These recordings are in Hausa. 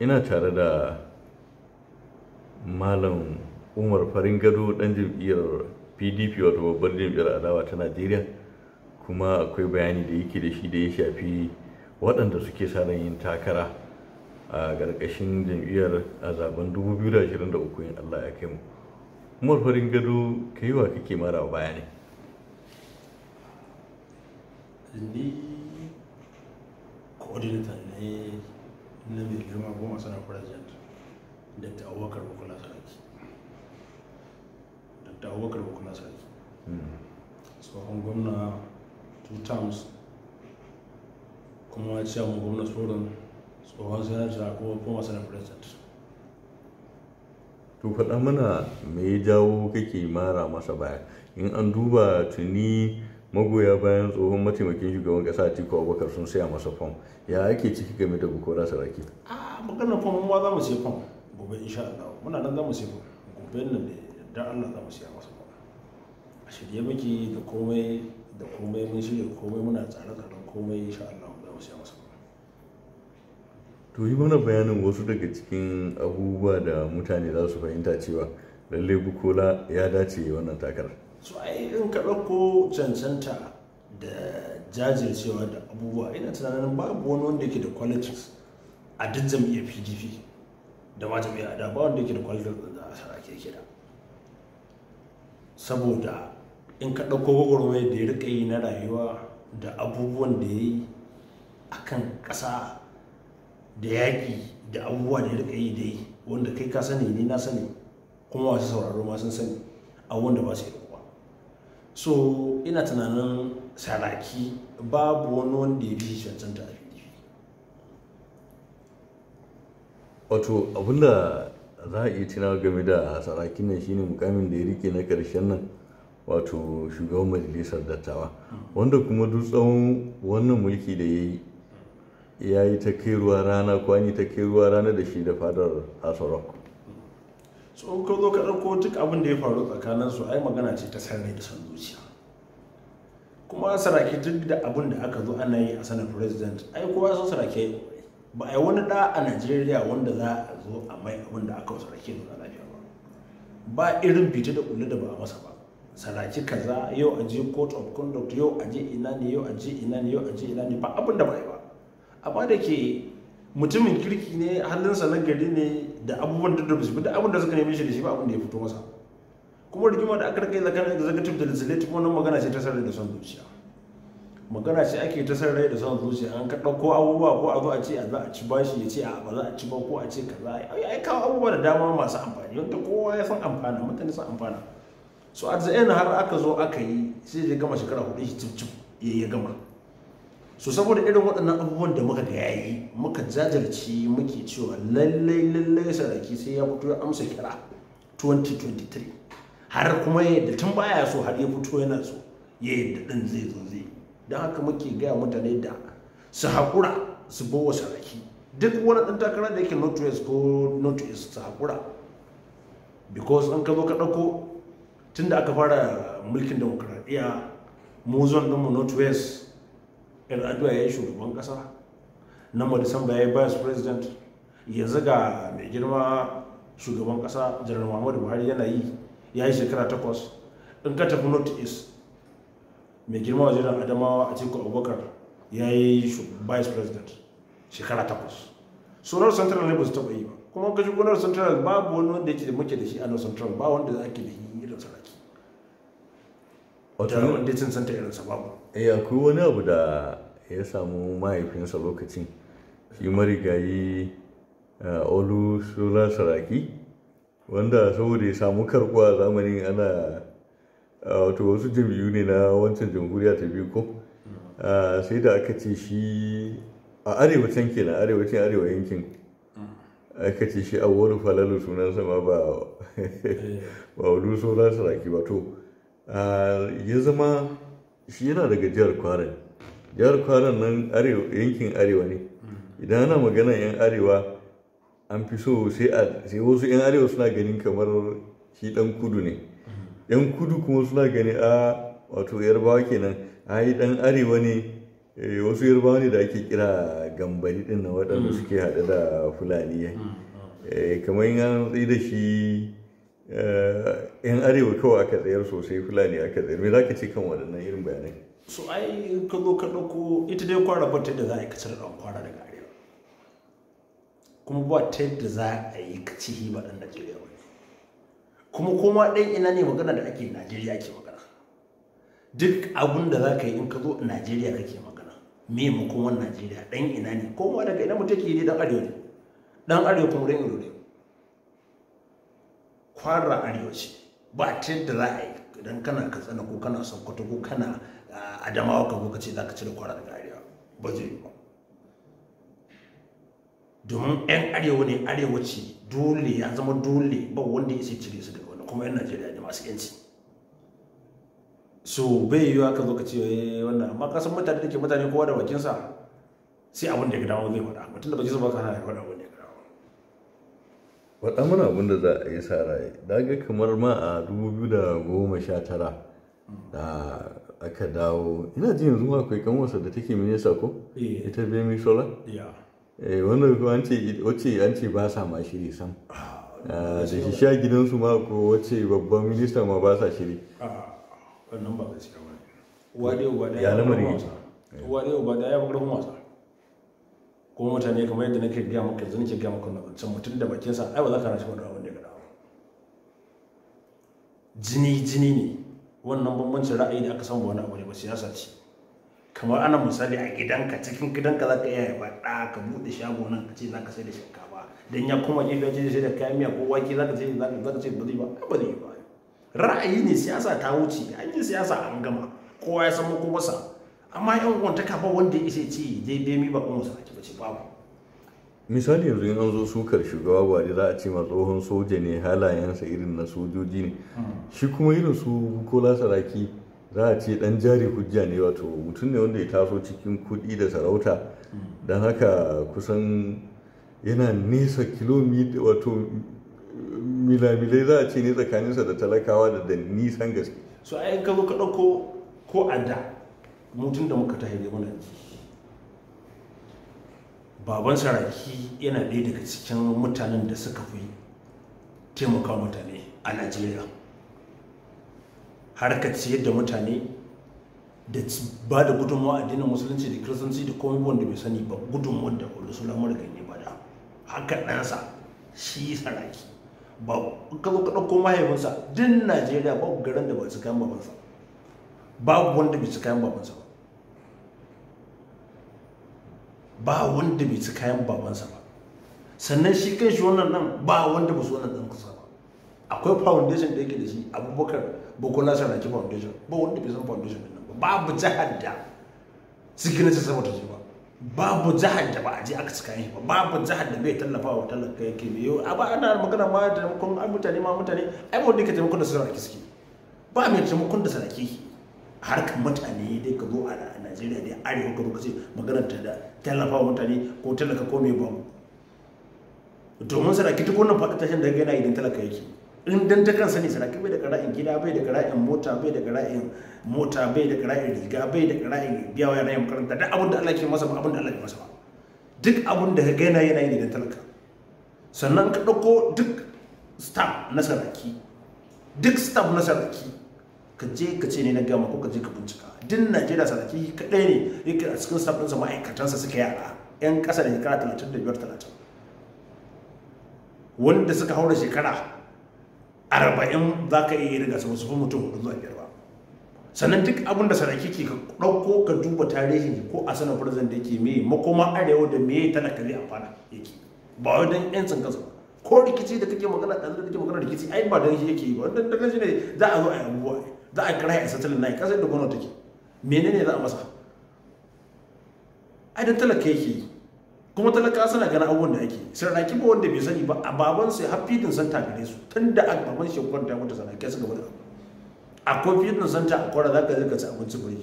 ina tare da malam umar farin gado dan jam'iyyar pdp wato babbar jam'iyyar adawa ta najeriya kuma akwai bayani da yake da shi da ya shafi waɗanda suke sa ran yin takara a ƙarƙashin jam'iyyar a zaben 2023 in allah ya kai mu umar farin gado ka yi wa kake mara baya ne ni coordinator na mai girma goma sana president ta abubakar bukula sarki da ta abubakar bukula sarki hmm. tsohon gwamna two times kuma ciyaman gwamna tsoron tsohon sanata kuma goma sana president to faɗa mana mai jawo kake mara masa baya in an duba tuni magoya bayan tsohon mataimakin shugaban kasa tiko Abubakar sun saya masa fam ya ake ciki game da Bukola Saraki a maganar fam ma za mu sai fam gobe insha Allah muna nan za mu sai fam gobe nan da Allah za mu saya masa fam a shirye muke da komai da komai mun shirye komai muna tsare-tsaren komai insha Allah za mu saya masa fam to yi mana bayanin wasu daga cikin abubuwa da mutane za su fahimta cewa lallai bukola ya dace wannan takarar so ai in ka ɗauko cancanta da jajircewa da abubuwa ina tunanin babu wani wanda yake da qualities a duk jam'iyyar pdp da ma jam'iyyar da ba wanda yake da qualities da asara ke kira saboda in ka ɗauko gwagwarmai da ya rika yi na rayuwa da abubuwan da ya yi a kan ƙasa da yaƙi da abubuwa da ya riƙa yi da yi wanda kai ka sani ni na sani kuma masu sauraro ma sun sani abubuwan wanda ba su yi so ina tunanin saraki babu wani wanda ya bi shi cancanta a pdp wato abinda za a iya tunawa game da saraki nan shine mukamin da ya rike na karshen nan wato shugaban majalisar dattawa wanda kuma duk tsawon wannan mulki da ya yi ya yi ta kai ruwa rana kwani ta kai ruwa rana da shi da fadar asarok so ko ka zo ka ɗauko duk abin da ya faru tsakanin su ai magana ce ta san rai san zuciya kuma saraki duk da abin da aka zo ana yi a sanar president ai kowa san sarake ba a yi wani da a najeriya wanda za a zo a mai abin da aka sarake da lafiya ba ba irin fita da kullu da ba a masa ba saraki kaza yau a je court of conduct yau a je ina ne yau a je ina ne yau a je ina ne ba abin da ba yi ba amma da ke mutumin kirki ne halinsa na gari ne da abubuwan da da da abin da suka neme shi da shi ba abin da ya fito masa kuma rigima da aka rike tsakanin executive da legislative wannan magana ce ta sarrai da son zuciya magana ce ake ta sarrai da son zuciya an ka ɗauko abubuwa ko a zo a ce a za a ci bashi ya ce a ba za a ci ba ko a ce kaza ai kawo abubuwa da dama masu amfani wanda kowa ya san amfana mutane sun amfana so at the end har aka zo aka yi sai ya gama shekara hudu shi cif cif ya gama so saboda irin waɗannan abubuwan da muka ga yayi muka jajirci muke cewa lallai lallai saraki sai ya fito ya amsa kira 2023 har kuma yadda tun baya so har ya fito yana so ya yadda ɗin zai zo zai don haka muke gaya mutane da su haƙura su bawa sarki duk wani ɗan takarar da yake not west ko not east su haƙura because an ka zo ka ɗauko tun da aka fara mulkin demokuraɗiyya mu zon ɗinmu north west adua ya yi shugaban ƙasa nan ma disamba ya yi vice president yanzu ga mai girma shugaban ƙasa janar muhammadu buhari yana yi ya yi shekara takwas in ka tafi north east mai girma wa adamawa a cikin abubakar ya yi vice president shekara takwas surar central ne ba su taɓa yi ba kuma kashi gunar central babu wani wanda yake da muke da shi a central ba wanda ake da yi irin saraki wata wanda ya cin santa irin babu eh akwai wani abu da ya samu mahaifinsa lokacin shi marigayi eh, olu sula saraki wanda saboda ya samu karbuwa a zamanin ana eh, wato wasu jam'iyyu ne na wancan jamhuriya ta biyu ko eh, sai da aka ce shi a arewacin kenan arewacin arewa yankin aka ce shi a wani falalu sunan sama ba ba wani sura saraki ba to ya zama shi yana daga jihar kwara jihar kwara nan yankin arewa ne idan ana magana yan arewa an fi so sai wasu yan arewa suna ganin kamar shi dan kudu ne yan kudu kuma suna gani a wato yarbawa kenan ai dan arewa ne eh, wasu yarbawa ne da ake kira gambari din na waɗanda mm. suke haɗe da fulani mm, mm. Eh, kamar yin an da shi yan arewa kawai aka tsayar sosai fulani aka tsayar me za ka ce kan waɗannan irin bayanai so ai ka zo ka ɗauko ita dai kwara ba ta yadda za a yi ka cire kwara daga arewa kuma ba ta yadda za a yi ka ci hiba ɗan najeriya ba kuma koma ɗan ina ne magana da ake najeriya ke magana duk abun da za ka yi in ka zo najeriya kake magana me wani najeriya ɗan ina ne koma daga ina mutum ke yi ɗan arewa ne ɗan arewa kuma ɗan ido ne kwara arewaci ba ta yadda za a yi idan kana katsina ko kana sokoto ko kana ah, adamawa ka ko kace za ka cire kwara daga arewa ba zai yi ba domin 'yan arewa ne arewaci dole ya zama dole ba wanda ya sai cire su daga wani kuma 'yan najeriya ne masu yanci so bai yi yiwuwa ka zo ka ce eh, wannan amma kasan mutane da ke mutane kowa da bakinsa sai abin da ya ga wani zai faɗa mutum da bakinsa ba ka hana ya faɗa abin da ya faɗa mana abin da za a yi sa rai daga kamar ma a 2019 da aka dawo ina ji yanzu ma akwai wasa da take nesa ko eh. ita bemi sola eh, wannan ko an ce wace an ce ba sa ma shiri sam ah, ah, da shi sha gidansu ma ko wace babban minista ma ba sa shiri ah, wannan ba gaskiya ba ne uba dai, ya fi ƙarfin wasa uwa da ya fi ƙarfin wasa kuma mutane kamar yadda nake gaya maka yanzu nake gaya maka na wancan mutum da bakinsa ai ba za ka rashi wani abin da ya jini jini ne wannan bambancin ra'ayi da aka san wani abu ne ba siyasa ce kamar ana misali a gidanka cikin gidanka za ka iya yaba ɗa ka buɗe shago nan ka ce za ka sai da shinkafa don ya koma gefe ya ce sai da kayan miya ko wake za ka ce za ka ce ba zai ba ba zai ba ra'ayi ne siyasa ta wuce an yi siyasa an gama kowa ya san makomarsa amma yan uwan ta wanda ya ci daidai mi ba kuma sa ake bace babu misali yanzu yanzu zo sukar shugaba buhari za a ce ma tsohon soja ne halayensa irin na sojoji ne hmm. shi kuma irin su bukola saraki za a ce dan jari hujja ne wato mutum ne wanda ya taso cikin kuɗi da sarauta hmm. don haka kusan yana nesa kilomita wato milamilai za a ce ne tsakaninsa da talakawa da nisan gaske so a ka zo ka ko a da mutum da muka tahi da muna baban saraki yana ɗaya daga cikin mutanen da suka fi taimaka mutane a najeriya harkar ciyar da mutane da ba da gudunmawa addinin musulunci da kiristanci da komai wanda bai sani ba gudunmawar da ulusula ganye ba da. haka ɗansa shi saraki ba ka zo ka ɗauko mahaifinsa din najeriya ba garin da ba su kayan babansa babu wanda bai su kayan babansa ba ba wanda bai ci kayan babansa ba sannan shi kan shi wannan nan ba wanda ba su wannan ɗan kusa ba akwai foundation da yake da shi abubakar na ci foundation ba wanda bai san foundation din nan ba babu jihar da sikina ta sama ta je ba babu jihar da ba a je aka ci kayan shi ba babu jihar da bai tallafa wa talaka yake ne yau a ba ana magana ma da taimakon mutane ma mutane ai ba wanda yake taimakon da sarraki suke ba mai taimakon da sarki harkar mutane dai ka zo a Najeriya dai arewa ka zo ka ce maganar ta da tallafa mutane ko talaka ko mai bamu domin saraki duk wannan faɗi tashin da yana idan talaka yake in dan ta kansa ne saraki bai da kara'in gida bai da kara'in mota bai da kara'in mota bai da kara'in riga bai da kara'in biya wa yanayin makaranta duk abin da Allah ke masa ba abin da Allah ke masa ba duk abin da ka yana yana idan talaka sannan ka ɗauko duk staff na saraki duk staff na saraki ka je ka ce ne na gama ko ka je ka bincika din najeriya sadaki kaɗai ne yake a cikin staff ɗinsa ma'aikatansa suka yara yan ƙasa da shekara talatin da biyar talatin wanda suka haura shekara arba'in za ka iya riga su wasu mutum hudu zuwa biyar ba sannan duk abin da sadaki ke ɗauko ka duba tarihi ko a sanar firzan da yake me makoma arewa da me talaka zai amfana yake ba wai don yancin kansa ba ko rikici da kake magana ɗan da kake magana rikici ai ba don shi yake yi ba don da ne za a zo a yi abubuwa za a kira ya satalin na kasar da gwamnati take menene za a masa ai dan talaka yake yi kuma talaka suna gana abubuwan da ake sarraki ba wanda bai sani ba a baban sai har fidin santa gare su tun da aka baban shi kwanta su sarraki suka bada akwai fidin santa a kwara za ka zika ci abinci buri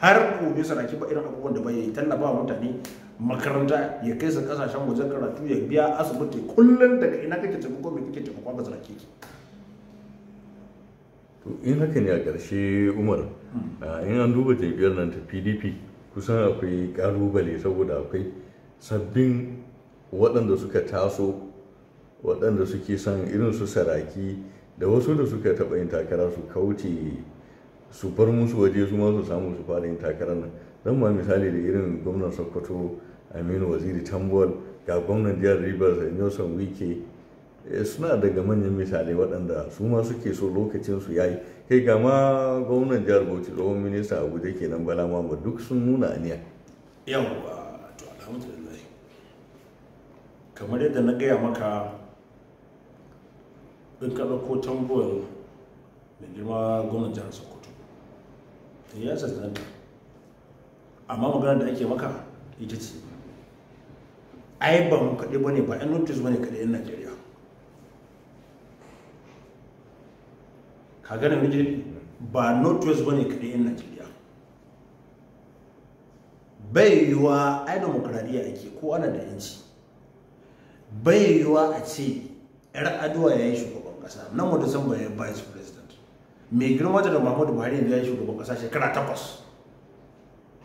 har gobe sarraki ba irin abubuwan da bai yi tallafa wa mutane makaranta ya kai su kasashen wajen karatu ya biya asibiti kullum daga ina kake ko me kake taimako ga sarraki in haka ne a ƙarshe umar hmm. in an duba jam'iyyar nan ta pdp kusan akwai ƙalubale saboda akwai sabbin waɗanda suka taso waɗanda suke son irin su saraki da wasu da suka taɓa yin takara su kauce su bar musu waje su ma su samu su fara yin takarar nan zan ma misali da irin gwamnan sokoto aminu waziri tambol ga gwamnan jihar rivers nelson wike Eh, suna daga manyan misalai waɗanda su ma suke so lokacin su yayi kai ga ma gwamnan jihar bauchi tsohon minista abuja kenan bala mamba duk sun nuna aniya yawwa to alhamdulillah kamar yadda na gaya maka in ka ɗauko tambuwan mai girma gwamnan jihar sokoto ya zazzanta amma maganar da ake maka ita ce ai ba mu kaɗai ba ne ba 'yan notice ba ne kaɗai 'yan najeriya ganin nake ba northwest ba ne kaɗai yan najeriya bai yiwuwa ai demokradiyya ake ko ana da yanci bai yiwuwa a ce yar aduwa ya yi shugaban ƙasa nan mu ba ya vice president mai girma da muhammadu buhari yanzu ya yi shugaban ƙasa shekara takwas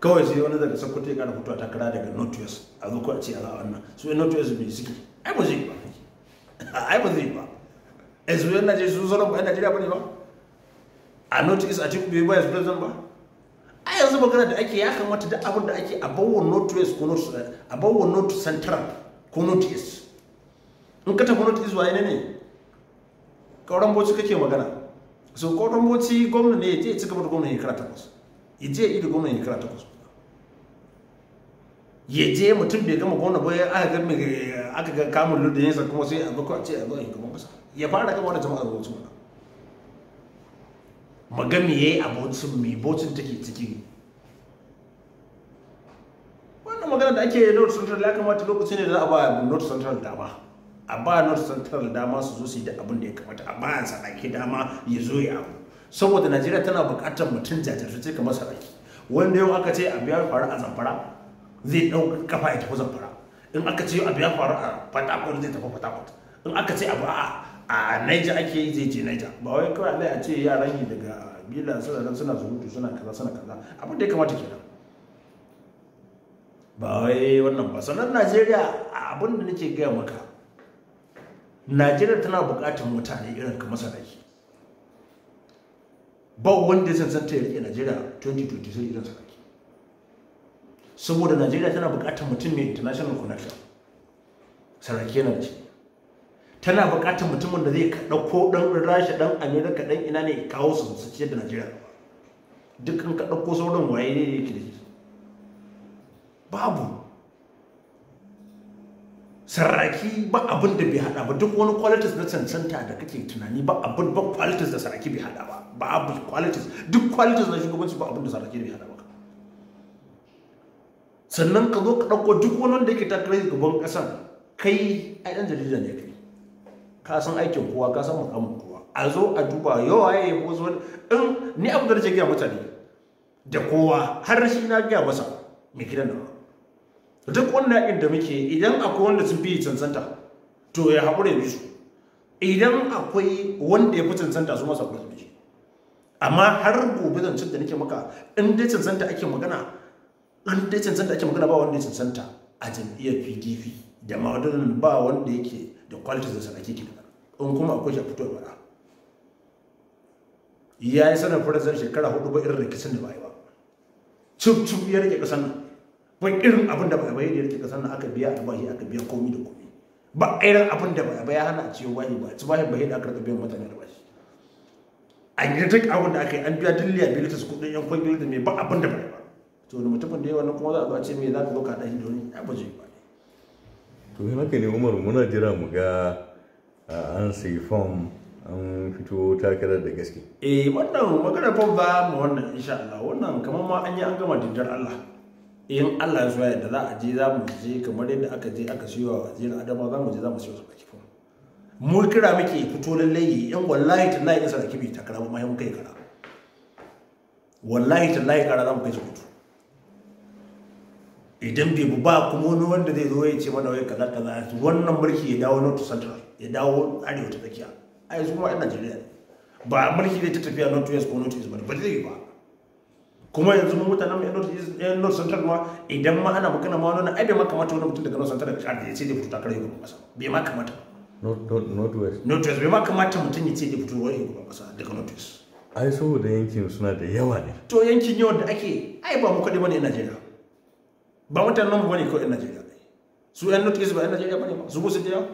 kawai sai wani daga sokoto ya kara fitowa takara daga northwest a zo a ce a wannan su yi northwest mai suke ai ba zai ba ai ba zai ba ezu yan najeriya su zo ba yan najeriya ba ne ba a notice a cikin bai bayar zan ba a yanzu magana da ake ya kamata da abin da ake a bawo notice ko notice a bawo notice central ko notice in ka tafi notice waye ne ne kauran boci kake magana so kauran boci gwamna ne ya je cika ci gwamna ya gwamna shekara takwas ya je yi da gwamna shekara takwas ya je mutum bai gama gwamna ba aka ga aka ga kamun ludin yasa kuma sai a bako a ce a zo a yi gaban kasa ya fara gama da jama'a zuwa magami ya yi a abocin mai bocin take ciki wannan magana da ake North Central ya kamata lokacin ne da za a ba North Central dama a ba North Central dama su zo su yi da abin da ya kamata a bayan sadaki dama ya zo ya abu saboda Najeriya tana buƙatar mutum ce kamar sadaki. wanda yau aka ce abu ya faru a Zamfara zai ɗau kafa ya tafi Zamfara in aka ce abu ya faru a Fatakwal zai tafi Fatakwal in aka ce abu a a naija ake yi zai je naija ba wai kawai allai a ce yaran yi daga bila suna nan suna zurutu suna kaza suna kaza abin da ya kamata ke nan ba wai wannan ba sannan najeriya abin da nake gaya maka najeriya tana buƙatar mutane irin ka masanaki ba wanda ya san ta rike najeriya 2023 irin sarki saboda najeriya tana buƙatar mutum mai international connection sarki yana ce tana buƙatar mutumin da zai ɗauko ɗan rasha ɗan amerika ɗan ina ne kawo su su da najeriya duk an ka ɗauko sauran waye ne yake da shi babu sarraki ba abin da bai hada ba duk wani qualities na cancanta da kake tunani ba abin ba qualities da sarraki bai hada ba babu qualities duk qualities na shugabanci ba abin da sarraki bai hada ba sannan ka zo ka ɗauko duk wani wanda yake takarar gaban ƙasar kai ai ɗan jarida ne kai ka san aikin kowa ka san mukamin kowa a zo a duba yawa ya yi wasu wani in ni abu da rage gaya mutane da kowa har shi na gaya masa mai gidan nawa? duk wannan yakin da muke idan akwai wanda sun fi cancanta to ya haƙura ya bi idan akwai wanda ya fi cancanta su masa kuma su amma har gobe zancen da nake maka in dai cancanta ake magana in dai cancanta ake magana ba wanda ya cancanta a jam'iyyar pdp da ma ba wanda yake da kwalitin da sanaki ki da in kuma akwai shi a fito da bara ya yi sanar farazan shekara hudu ba irin rikicin da ba yi ba cif cif ya rike kasan nan ba irin abin da ba yi da ya rike kasan nan aka biya albashi aka biya komi da komi ba irin abin da ba ya hana a wani ba ci wahi ba da aka rika biyan mutane albashi a yi duk abin da aka yi an biya dilliya bilitis kudin yan kwangilin da mai ba abin da ba ba to da mutumin da yawa na kuma za a a ce mai za ka zo ka haɗa shi ya ba ba to in haka ne umar muna jira mu ga an sai fom an fito takarar da gaske eh wannan magana fom ba mu wannan insha Allah wannan kamar ma an yi an gama dindar Allah in Allah ya so yadda za a je za mu je kamar yadda aka je aka siyo a jiran Adama za mu je za mu siyo su fom mu kira muke fito lallai in wallahi tallahi in sarki bai takara ba mai mun kai kara wallahi tallahi kara za mu kai su fito idan bai bu ba kuma wani wanda zai zo ya ce mana wai kaza kaza wannan mulki ya dawo north central ya dawo arewa ta tsakiya a yanzu kuma yan najeriya ba mulki zai ta tafiya north west ko north east ba ba zai ba kuma yanzu mu mutanen mu yan north central ma idan ma ana magana ma wani ai bai ma kamata wani mutum daga north central da ya ce zai fito takarar shugaban kasa bai ma kamata north west north west bai ma kamata mutum ya ce zai fito wani shugaban kasa daga north west ai saboda yankin suna da yawa ne to yankin yawan da ake ai ba mu kaɗai bane najeriya ba mutanen nan bane ko ina jiya ne su yan north east ba ina jiya bane ba su musu da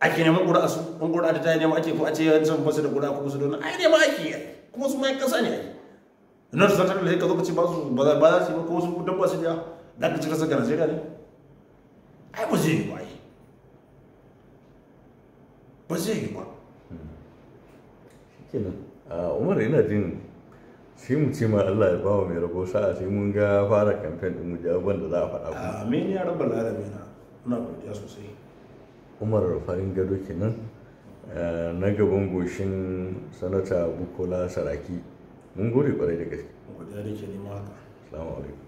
ake neman ƙura su in ƙura ta ta neman ake ko a ce yawancin basu da ƙura ko su da wani ai nema ake kuma su mai kasa ne na su zata da ka zo ka ce ba su ba za su yi ba ko su dabba su jiya da ka cika kasar ga najeriya ne ai ba zai yi ba ai ba zai yi ba kenan ah, umar yana jin Shi mu ce ma Allah ya bawa mai rabo sa'a sai mun ga fara kamfen din mu jawaban da za a faɗa ku amin ya rabbal alamin muna godiya sosai Umar Farin Gado kenan eh, na gaban goshin sanata Bukola Saraki mun gode kwarai da gaske godiya da ke neman haka assalamu alaikum